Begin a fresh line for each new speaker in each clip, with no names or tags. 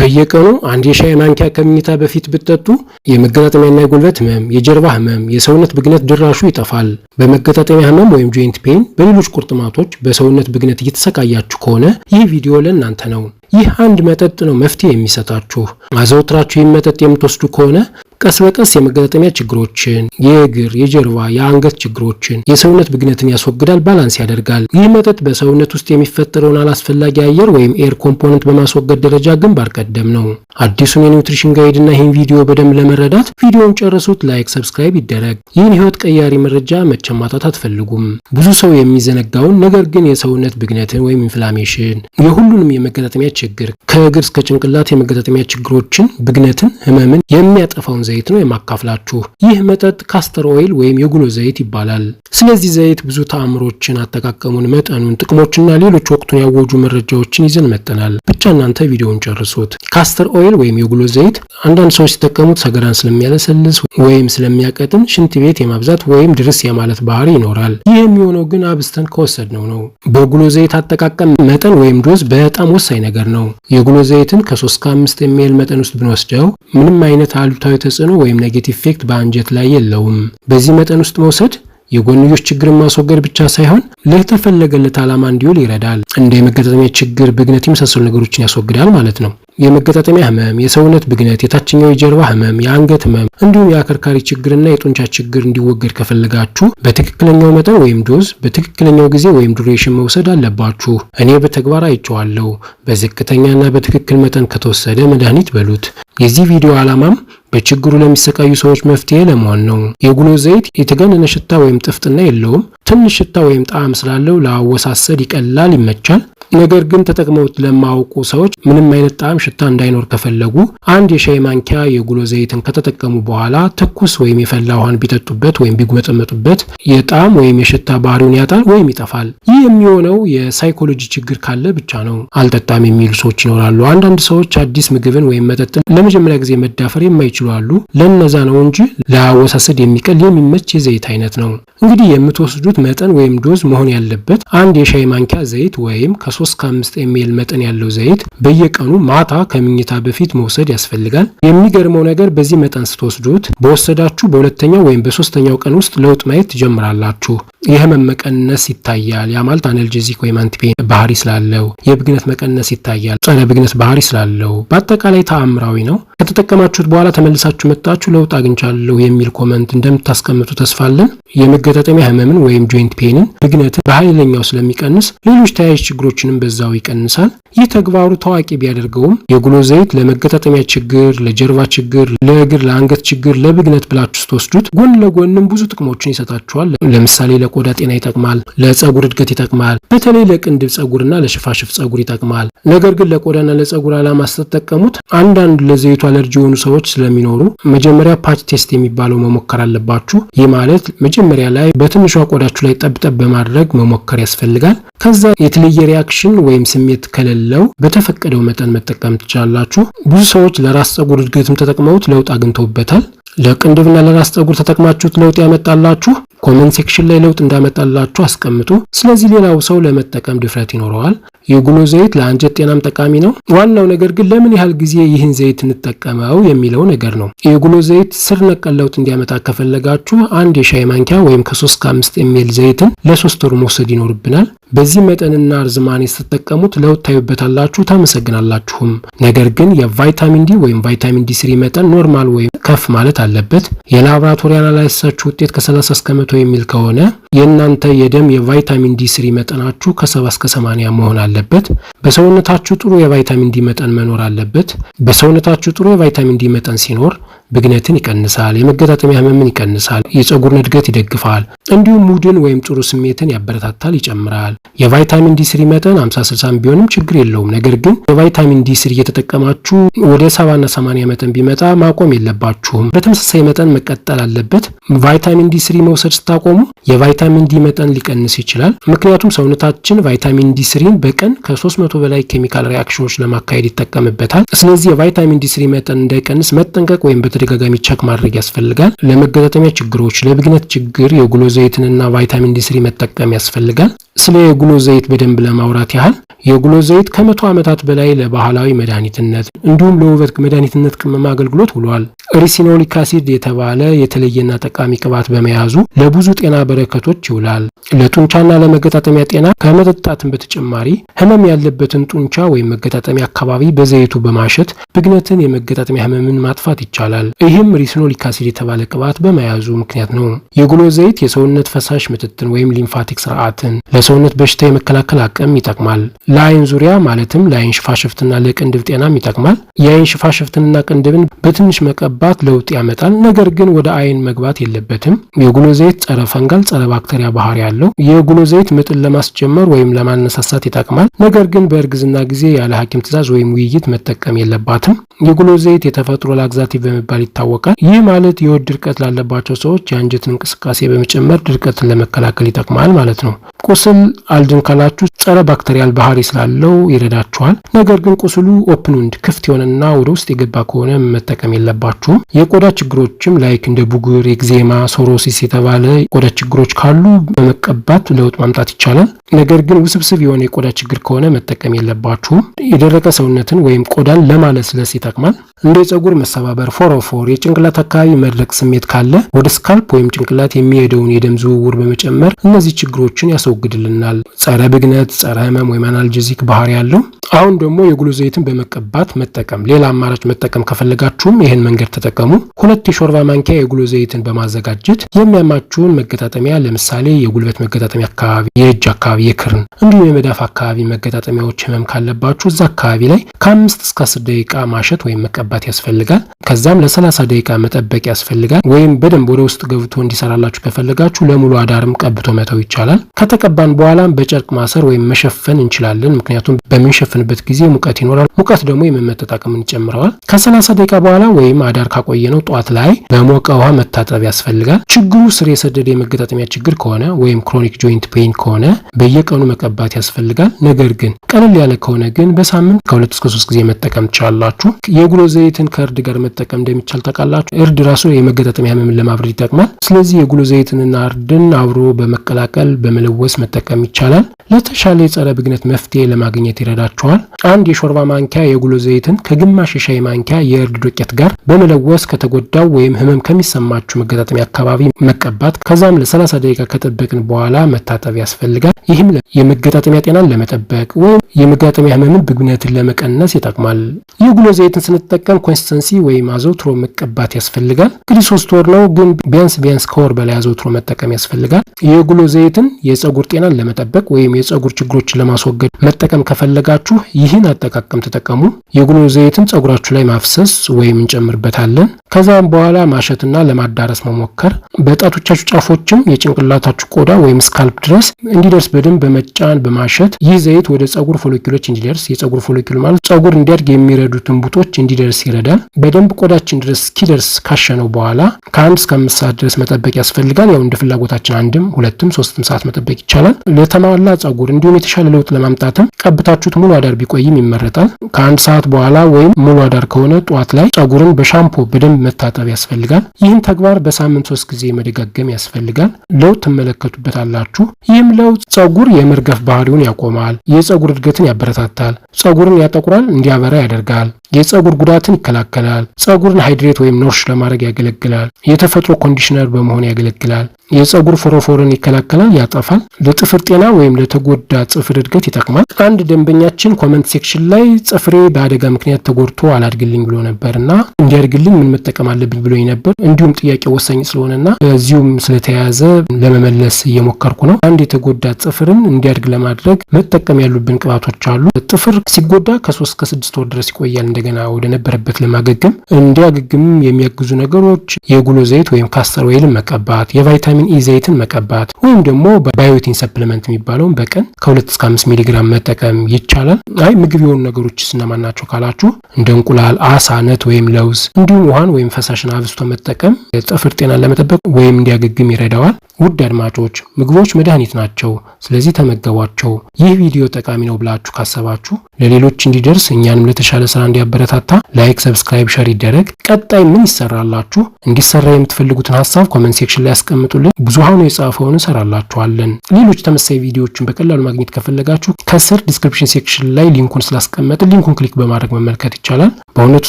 በየቀኑ አንድ የሻይ ማንኪያ ከመኝታ በፊት ብትጠጡ የመገጣጠሚያና የጉልበት ህመም፣ የጀርባ ህመም፣ የሰውነት ብግነት ድራሹ ይጠፋል። በመገጣጠሚያ ህመም ወይም ጆይንት ፔን፣ በሌሎች ቁርጥማቶች፣ በሰውነት ብግነት እየተሰቃያችሁ ከሆነ ይህ ቪዲዮ ለእናንተ ነው። ይህ አንድ መጠጥ ነው መፍትሄ የሚሰጣችሁ። አዘውትራችሁ ይህ መጠጥ የምትወስዱ ከሆነ ቀስ በቀስ የመገጣጠሚያ ችግሮችን፣ የእግር፣ የጀርባ፣ የአንገት ችግሮችን፣ የሰውነት ብግነትን ያስወግዳል፣ ባላንስ ያደርጋል። ይህ መጠጥ በሰውነት ውስጥ የሚፈጠረውን አላስፈላጊ አየር ወይም ኤር ኮምፖነንት በማስወገድ ደረጃ ግንባር ቀደም ነው። አዲሱን የኒውትሪሽን ጋይድና ይህን ቪዲዮ በደንብ ለመረዳት ቪዲዮውን ጨርሱት። ላይክ፣ ሰብስክራይብ ይደረግ። ይህን ህይወት ቀያሪ መረጃ መቼም ማጣት አትፈልጉም። ብዙ ሰው የሚዘነጋውን ነገር ግን የሰውነት ብግነትን ወይም ኢንፍላሜሽን፣ የሁሉንም የመገጣጠሚያ ችግር ከእግር እስከ ጭንቅላት የመገጣጠሚያ ችግሮችን፣ ብግነትን፣ ህመምን የሚያጠፋውን ዘይት ነው የማካፍላችሁ። ይህ መጠጥ ካስተር ኦይል ወይም የጉሎ ዘይት ይባላል። ስለዚህ ዘይት ብዙ ተአምሮችን፣ አጠቃቀሙን፣ መጠኑን፣ ጥቅሞችና ሌሎች ወቅቱን ያወጁ መረጃዎችን ይዘን መጠናል። ብቻ እናንተ ቪዲዮውን ጨርሱት። ካስተር ኦይል ወይም የጉሎ ዘይት አንዳንድ ሰዎች ሲጠቀሙት ሰገራን ስለሚያለሰልስ ወይም ስለሚያቀጥን ሽንት ቤት የማብዛት ወይም ድርስ የማለት ባህሪ ይኖራል። ይህ የሚሆነው ግን አብስተን ከወሰድነው ነው። በጉሎ ዘይት አጠቃቀም መጠን ወይም ዶዝ በጣም ወሳኝ ነገር ነው። የጉሎ ዘይትን ከ3 ከ 5 የሚል መጠን ውስጥ ብንወስደው ምንም አይነት አሉታዊ ተ ተጽዕኖ ወይም ኔጌቲቭ ኢፌክት በአንጀት ላይ የለውም። በዚህ መጠን ውስጥ መውሰድ የጎንዮሽ ችግርን ማስወገድ ብቻ ሳይሆን ለተፈለገለት ዓላማ እንዲውል ይረዳል። እንደ የመገጣጠሚያ ችግር፣ ብግነት የመሳሰሉ ነገሮችን ያስወግዳል ማለት ነው። የመገጣጠሚያ ህመም፣ የሰውነት ብግነት፣ የታችኛው የጀርባ ህመም፣ የአንገት ህመም እንዲሁም የአከርካሪ ችግርና የጡንቻ ችግር እንዲወገድ ከፈለጋችሁ በትክክለኛው መጠን ወይም ዶዝ በትክክለኛው ጊዜ ወይም ዱሬሽን መውሰድ አለባችሁ። እኔ በተግባር አይቼዋለሁ። በዝቅተኛና በትክክል መጠን ከተወሰደ መድኃኒት በሉት። የዚህ ቪዲዮ ዓላማም በችግሩ ለሚሰቃዩ ሰዎች መፍትሄ ለመሆን ነው። የጉሎ ዘይት የተገነነ ሽታ ወይም ጥፍጥና የለውም። ትንሽ ሽታ ወይም ጣዕም ስላለው ለአወሳሰድ ይቀላል፣ ይመቻል። ነገር ግን ተጠቅመውት ለማያውቁ ሰዎች ምንም አይነት ጣዕም፣ ሽታ እንዳይኖር ከፈለጉ አንድ የሻይ ማንኪያ የጉሎ ዘይትን ከተጠቀሙ በኋላ ትኩስ ወይም የፈላ ውሃን ቢጠጡበት ወይም ቢጎጠመጡበት የጣዕም ወይም የሽታ ባህሪውን ያጣል ወይም ይጠፋል። ይህ የሚሆነው የሳይኮሎጂ ችግር ካለ ብቻ ነው። አልጠጣም የሚሉ ሰዎች ይኖራሉ። አንዳንድ ሰዎች አዲስ ምግብን ወይም መጠጥን ለመጀመሪያ ጊዜ መዳፈር የማይችሉ አሉ። ለነዛ ነው እንጂ ለአወሳሰድ የሚቀል የሚመች የዘይት አይነት ነው። እንግዲህ የምትወስዱት መጠን ወይም ዶዝ መሆን ያለበት አንድ የሻይ ማንኪያ ዘይት ወይም ከ ከሶስት ከአምስት 5 ኤምኤል መጠን ያለው ዘይት በየቀኑ ማታ ከምኝታ በፊት መውሰድ ያስፈልጋል። የሚገርመው ነገር በዚህ መጠን ስትወስዱት በወሰዳችሁ በሁለተኛው ወይም በሶስተኛው ቀን ውስጥ ለውጥ ማየት ትጀምራላችሁ። የህመም መቀነስ ይታያል። ያ ማለት አነልጀዚክ ወይም አንቲፔን ባህሪ ስላለው፣ የብግነት መቀነስ ይታያል፣ ጸረ ብግነት ባህሪ ስላለው፣ በአጠቃላይ ተአምራዊ ነው። ከተጠቀማችሁት በኋላ ተመልሳችሁ መጣችሁ ለውጥ አግኝቻለሁ የሚል ኮመንት እንደምታስቀምጡ ተስፋለን። የመገጣጠሚያ ህመምን ወይም ጆይንት ፔንን ብግነትን በኃይለኛው ስለሚቀንስ ሌሎች ተያያዥ ችግሮች ወጪዎችንም በዛው ይቀንሳል። ይህ ተግባሩ ታዋቂ ቢያደርገውም የጉሎ ዘይት ለመገጣጠሚያ ችግር፣ ለጀርባ ችግር፣ ለእግር ለአንገት ችግር፣ ለብግነት ብላችሁ ስትወስዱት ጎን ለጎንም ብዙ ጥቅሞችን ይሰጣችኋል። ለምሳሌ ለቆዳ ጤና ይጠቅማል፣ ለጸጉር እድገት ይጠቅማል። በተለይ ለቅንድብ ጸጉርና ለሽፋሽፍ ጸጉር ይጠቅማል። ነገር ግን ለቆዳና ለጸጉር ዓላማ ስትጠቀሙት አንዳንድ ለዘይቱ አለርጂ የሆኑ ሰዎች ስለሚኖሩ መጀመሪያ ፓች ቴስት የሚባለው መሞከር አለባችሁ። ይህ ማለት መጀመሪያ ላይ በትንሿ ቆዳችሁ ላይ ጠብጠብ በማድረግ መሞከር ያስፈልጋል። ከዛ የተለየ ሪያክሽን ኢንፌክሽን ወይም ስሜት ከሌለው በተፈቀደው መጠን መጠቀም ትችላላችሁ። ብዙ ሰዎች ለራስ ጸጉር እድገትም ተጠቅመውት ለውጥ አግኝተውበታል። ለቅንድብና ለራስ ጸጉር ተጠቅማችሁት ለውጥ ያመጣላችሁ ኮመንት ሴክሽን ላይ ለውጥ እንዳመጣላችሁ አስቀምጡ። ስለዚህ ሌላው ሰው ለመጠቀም ድፍረት ይኖረዋል። የጉሎ ዘይት ለአንጀት ጤናም ጠቃሚ ነው። ዋናው ነገር ግን ለምን ያህል ጊዜ ይህን ዘይት እንጠቀመው የሚለው ነገር ነው። የጉሎ ዘይት ስር ነቀል ለውጥ እንዲያመጣ ከፈለጋችሁ አንድ የሻይ ማንኪያ ወይም ከሶስት 5 ኤምኤል ዘይትን ለሶስት ወር መውሰድ ይኖርብናል። በዚህ መጠንና እርዝማኔ ስትጠቀሙት ለውጥ ታዩበታላችሁ፣ ታመሰግናላችሁም። ነገር ግን የቫይታሚን ዲ ወይም ቫይታሚን ዲ ስሪ መጠን ኖርማል ወይም ከፍ ማለት አለበት። የላብራቶሪ አናላይሳችሁ ውጤት ከ30 እስከ መቶ የሚል ከሆነ የእናንተ የደም የቫይታሚን ዲ ስሪ መጠናችሁ ከሰባ እስከ 80 መሆን አለበት። በሰውነታችሁ ጥሩ የቫይታሚን ዲ መጠን መኖር አለበት። በሰውነታችሁ ጥሩ የቫይታሚን ዲ መጠን ሲኖር ብግነትን ይቀንሳል፣ የመገጣጠሚያ ህመምን ይቀንሳል፣ የፀጉርን እድገት ይደግፋል። እንዲሁም ሙድን ወይም ጥሩ ስሜትን ያበረታታል፣ ይጨምራል። የቫይታሚን ዲ ስሪ መጠን 50 60 ቢሆንም ችግር የለውም። ነገር ግን የቫይታሚን ዲስሪ እየተጠቀማችሁ ወደ 70ና 80 መጠን ቢመጣ ማቆም የለባችሁም። በተመሳሳይ መጠን መቀጠል አለበት። ቫይታሚን ዲስሪ መውሰድ ስታቆሙ የቫይታሚን ዲ መጠን ሊቀንስ ይችላል። ምክንያቱም ሰውነታችን ቫይታሚን ዲ በቀን ከ300 በላይ ኬሚካል ሪያክሽኖች ለማካሄድ ይጠቀምበታል። ስለዚህ የቫይታሚን ዲስሪ መጠን እንዳይቀንስ መጠንቀቅ ወይም በተደጋጋሚ ቸክ ማድረግ ያስፈልጋል። ለመገጣጠሚያ ችግሮች፣ ለብግነት ችግር የጉሎ ዘይትንና ቫይታሚን ዲ3 መጠቀም ያስፈልጋል። ስለ የጉሎ ዘይት በደንብ ለማውራት ያህል የጉሎ ዘይት ከመቶ ዓመታት በላይ ለባህላዊ መድኃኒትነት እንዲሁም ለውበት መድኃኒትነት ቅመማ አገልግሎት ውሏል። ሪሲኖሊክ አሲድ የተባለ የተለየና ጠቃሚ ቅባት በመያዙ ለብዙ ጤና በረከቶች ይውላል። ለጡንቻና ለመገጣጠሚያ ጤና ከመጠጣትን በተጨማሪ ህመም ያለበትን ጡንቻ ወይም መገጣጠሚያ አካባቢ በዘይቱ በማሸት ብግነትን፣ የመገጣጠሚያ ህመምን ማጥፋት ይቻላል። ይህም ሪሲኖሊክ አሲድ የተባለ ቅባት በመያዙ ምክንያት ነው። የጉሎ ዘይት የሰውነት ፈሳሽ ምትትን ወይም ሊምፋቲክ ስርዓትን ሰውነት በሽታ የመከላከል አቅም ይጠቅማል። ለአይን ዙሪያ ማለትም ለአይን ሽፋሽፍትና ለቅንድብ ጤናም ይጠቅማል። የአይን ሽፋሽፍትንና ቅንድብን በትንሽ መቀባት ለውጥ ያመጣል። ነገር ግን ወደ አይን መግባት የለበትም። የጉሎ ዘይት ጸረ ፈንጋል፣ ጸረ ባክቴሪያ ባህሪ ያለው። የጉሎ ዘይት ምጥን ለማስጀመር ወይም ለማነሳሳት ይጠቅማል። ነገር ግን በእርግዝና ጊዜ ያለ ሐኪም ትእዛዝ ወይም ውይይት መጠቀም የለባትም። የጉሎ ዘይት የተፈጥሮ ላግዛቲቭ በመባል ይታወቃል። ይህ ማለት የሆድ ድርቀት ላለባቸው ሰዎች የአንጀትን እንቅስቃሴ በመጨመር ድርቀትን ለመከላከል ይጠቅማል ማለት ነው። ቁስል ቁስል አልድን ካላችሁ ጸረ ባክተሪያል ባህሪ ስላለው ይረዳችኋል። ነገር ግን ቁስሉ ኦፕንንድ ክፍት የሆነና ወደ ውስጥ የገባ ከሆነ መጠቀም የለባችሁም። የቆዳ ችግሮችም ላይክ እንደ ቡጉር፣ ኤግዜማ፣ ሶሮሲስ የተባለ ቆዳ ችግሮች ካሉ በመቀባት ለውጥ ማምጣት ይቻላል። ነገር ግን ውስብስብ የሆነ የቆዳ ችግር ከሆነ መጠቀም የለባችሁም። የደረቀ ሰውነትን ወይም ቆዳን ለማለስለስ ይጠቅማል። እንደ የፀጉር መሰባበር፣ ፎሮፎር፣ የጭንቅላት አካባቢ መድረቅ ስሜት ካለ ወደ ስካልፕ ወይም ጭንቅላት የሚሄደውን የደም ዝውውር በመጨመር እነዚህ ችግሮችን ያስወግድልናል። ጸረ ብግነት፣ ጸረ ህመም ወይም አናልጀዚክ ባህሪ ያለው አሁን ደግሞ የጉሎ ዘይትን በመቀባት መጠቀም። ሌላ አማራጭ መጠቀም ከፈለጋችሁም ይህን መንገድ ተጠቀሙ። ሁለት የሾርባ ማንኪያ የጉሎ ዘይትን በማዘጋጀት የሚያማችሁን መገጣጠሚያ ለምሳሌ የጉልበት መገጣጠሚያ አካባቢ፣ የእጅ አካባቢ፣ የክርን እንዲሁም የመዳፍ አካባቢ መገጣጠሚያዎች ህመም ካለባችሁ እዛ አካባቢ ላይ ከአምስት እስከ አስር ደቂቃ ማሸት ወይም መቀባት ያስፈልጋል። ከዛም ለሰላሳ ደቂቃ መጠበቅ ያስፈልጋል። ወይም በደንብ ወደ ውስጥ ገብቶ እንዲሰራላችሁ ከፈለጋችሁ ለሙሉ አዳርም ቀብቶ መተው ይቻላል። ከተቀባን በኋላም በጨርቅ ማሰር ወይም መሸፈን እንችላለን። ምክንያቱም በምንሸፍ በሚያፍንበት ጊዜ ሙቀት ይኖራል። ሙቀት ደግሞ የመመጠጥ አቅምን ይጨምረዋል። ከሰላሳ ደቂቃ በኋላ ወይም አዳር ካቆየ ነው ጠዋት ላይ በሞቀ ውሃ መታጠብ ያስፈልጋል። ችግሩ ስር የሰደደ የመገጣጠሚያ ችግር ከሆነ ወይም ክሮኒክ ጆይንት ፔን ከሆነ በየቀኑ መቀባት ያስፈልጋል። ነገር ግን ቀለል ያለ ከሆነ ግን በሳምንት ከሁለት እስከ ሶስት ጊዜ መጠቀም ትችላላችሁ። የጉሎ ዘይትን ከእርድ ጋር መጠቀም እንደሚቻል ታውቃላችሁ። እርድ ራሱ የመገጣጠሚያ ህመምን ለማብረድ ይጠቅማል። ስለዚህ የጉሎ ዘይትንና እርድን አብሮ በመቀላቀል በመለወስ መጠቀም ይቻላል። ለተሻለ የጸረ ብግነት መፍትሄ ለማግኘት ይረዳችኋል። ይኖራቸዋል። አንድ የሾርባ ማንኪያ የጉሎ ዘይትን ከግማሽ የሻይ ማንኪያ የእርድ ዱቄት ጋር በመለወስ ከተጎዳው ወይም ህመም ከሚሰማችሁ መገጣጠሚያ አካባቢ መቀባት፣ ከዛም ለ30 ደቂቃ ከጠበቅን በኋላ መታጠብ ያስፈልጋል። ይህም የመገጣጠሚያ ጤናን ለመጠበቅ ወይም የመገጣጠሚያ ህመምን ብግነትን ለመቀነስ ይጠቅማል። የጉሎ ዘይትን ስንጠቀም ኮንስተንሲ ወይም አዘውትሮ መቀባት ያስፈልጋል። እንግዲህ ሶስት ወር ነው፣ ግን ቢያንስ ቢያንስ ከወር በላይ አዘውትሮ መጠቀም ያስፈልጋል። የጉሎ ዘይትን የጸጉር ጤናን ለመጠበቅ ወይም የጸጉር ችግሮችን ለማስወገድ መጠቀም ከፈለጋችሁ ይህን አጠቃቀም ተጠቀሙ። የጉሎ ዘይትን ጸጉራችሁ ላይ ማፍሰስ ወይም እንጨምርበታለን። ከዛም በኋላ ማሸትና ለማዳረስ መሞከር በጣቶቻችሁ ጫፎችም የጭንቅላታችሁ ቆዳ ወይም ስካልፕ ድረስ እንዲደርስ በደንብ በመጫን በማሸት ይህ ዘይት ወደ ጸጉር ፎሎኪሎች እንዲደርስ የጸጉር ፎሎኪል ማለት ጸጉር እንዲያድግ የሚረዱትን ቡጦች እንዲደርስ ይረዳል። በደንብ ቆዳችን ድረስ እስኪደርስ ካሸነው በኋላ ከአንድ እስከ አምስት ሰዓት ድረስ መጠበቅ ያስፈልጋል። ያው እንደ ፍላጎታችን አንድም ሁለትም ሶስትም ሰዓት መጠበቅ ይቻላል። ለተሟላ ጸጉር እንዲሁም የተሻለ ለውጥ ለማምጣትም ቀብታችሁት ሙሉ አዳር ቢቆይም ይመረጣል። ከአንድ ሰዓት በኋላ ወይም ሙሉ አዳር ከሆነ ጠዋት ላይ ጸጉርን በሻምፖ በደንብ መታጠብ ያስፈልጋል። ይህን ተግባር በሳምንት ሶስት ጊዜ መደጋገም ያስፈልጋል። ለውጥ ትመለከቱበታላችሁ። ይህም ለውጥ ጸጉር የመርገፍ ባህሪውን ያቆማል። የጸጉር እድገትን ያበረታታል። ጸጉርን ያጠቁራል፣ እንዲያበራ ያደርጋል። የጸጉር ጉዳትን ይከላከላል። ጸጉርን ሃይድሬት ወይም ኖርሽ ለማድረግ ያገለግላል። የተፈጥሮ ኮንዲሽነር በመሆን ያገለግላል። የፀጉር ፎሮፎርን ይከላከላል፣ ያጠፋል። ለጥፍር ጤና ወይም ለተጎዳ ጥፍር እድገት ይጠቅማል። አንድ ደንበኛችን ኮመንት ሴክሽን ላይ ጥፍሬ በአደጋ ምክንያት ተጎድቶ አላድግልኝ ብሎ ነበር እና እንዲያድግልኝ ምን መጠቀም አለብኝ ብሎኝ ነበር። እንዲሁም ጥያቄ ወሳኝ ስለሆነና በዚሁም ስለተያያዘ ለመመለስ እየሞከርኩ ነው። አንድ የተጎዳ ጥፍርን እንዲያድግ ለማድረግ መጠቀም ያሉብን ቅባቶች አሉ። ጥፍር ሲጎዳ ከሶስት ከስድስት ወር ድረስ ይቆያል እንደገና ወደ ነበረበት ለማገግም እንዲያገግም የሚያግዙ ነገሮች የጉሎ ዘይት ወይም ካስተር ወይልን መቀባት የቫይታሚን ቫይታሚን ኢ e ዘይትን መቀባት ወይም ደግሞ ባዮቲን ሰፕሊመንት የሚባለውን በቀን ከሁለት እስከ 5 ሚሊግራም መጠቀም ይቻላል። አይ ምግብ የሆኑ ነገሮች እነማን ናቸው ካላችሁ እንደ እንቁላል፣ አሳ፣ ነት ወይም ለውዝ እንዲሁም ውሃን ወይም ፈሳሽን አብስቶ መጠቀም ጥፍር ጤናን ለመጠበቅ ወይም እንዲያገግም ይረዳዋል። ውድ አድማጮች ምግቦች መድኃኒት ናቸው፣ ስለዚህ ተመገቧቸው። ይህ ቪዲዮ ጠቃሚ ነው ብላችሁ ካሰባችሁ ለሌሎች እንዲደርስ እኛንም ለተሻለ ስራ እንዲያበረታታ ላይክ፣ ሰብስክራይብ፣ ሸር ይደረግ። ቀጣይ ምን ይሰራላችሁ? እንዲሰራ የምትፈልጉትን ሀሳብ ኮመንት ሴክሽን ላይ ያስቀምጡልን። ብዙሃኑ የጻፈውን እንሰራላችኋለን። ሌሎች ተመሳይ ቪዲዮዎችን በቀላሉ ማግኘት ከፈለጋችሁ ከስር ዲስክሪፕሽን ሴክሽን ላይ ሊንኩን ስላስቀመጥን ሊንኩን ክሊክ በማድረግ መመልከት ይቻላል። በእውነቱ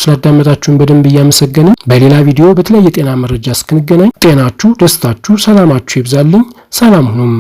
ስላዳመጣችሁን በደንብ እያመሰገንን በሌላ ቪዲዮ በተለያየ ጤና መረጃ እስክንገናኝ ጤናችሁ፣ ደስታችሁ፣ ሰላማችሁ ይብዛልኝ። ሰላም ሁኑም።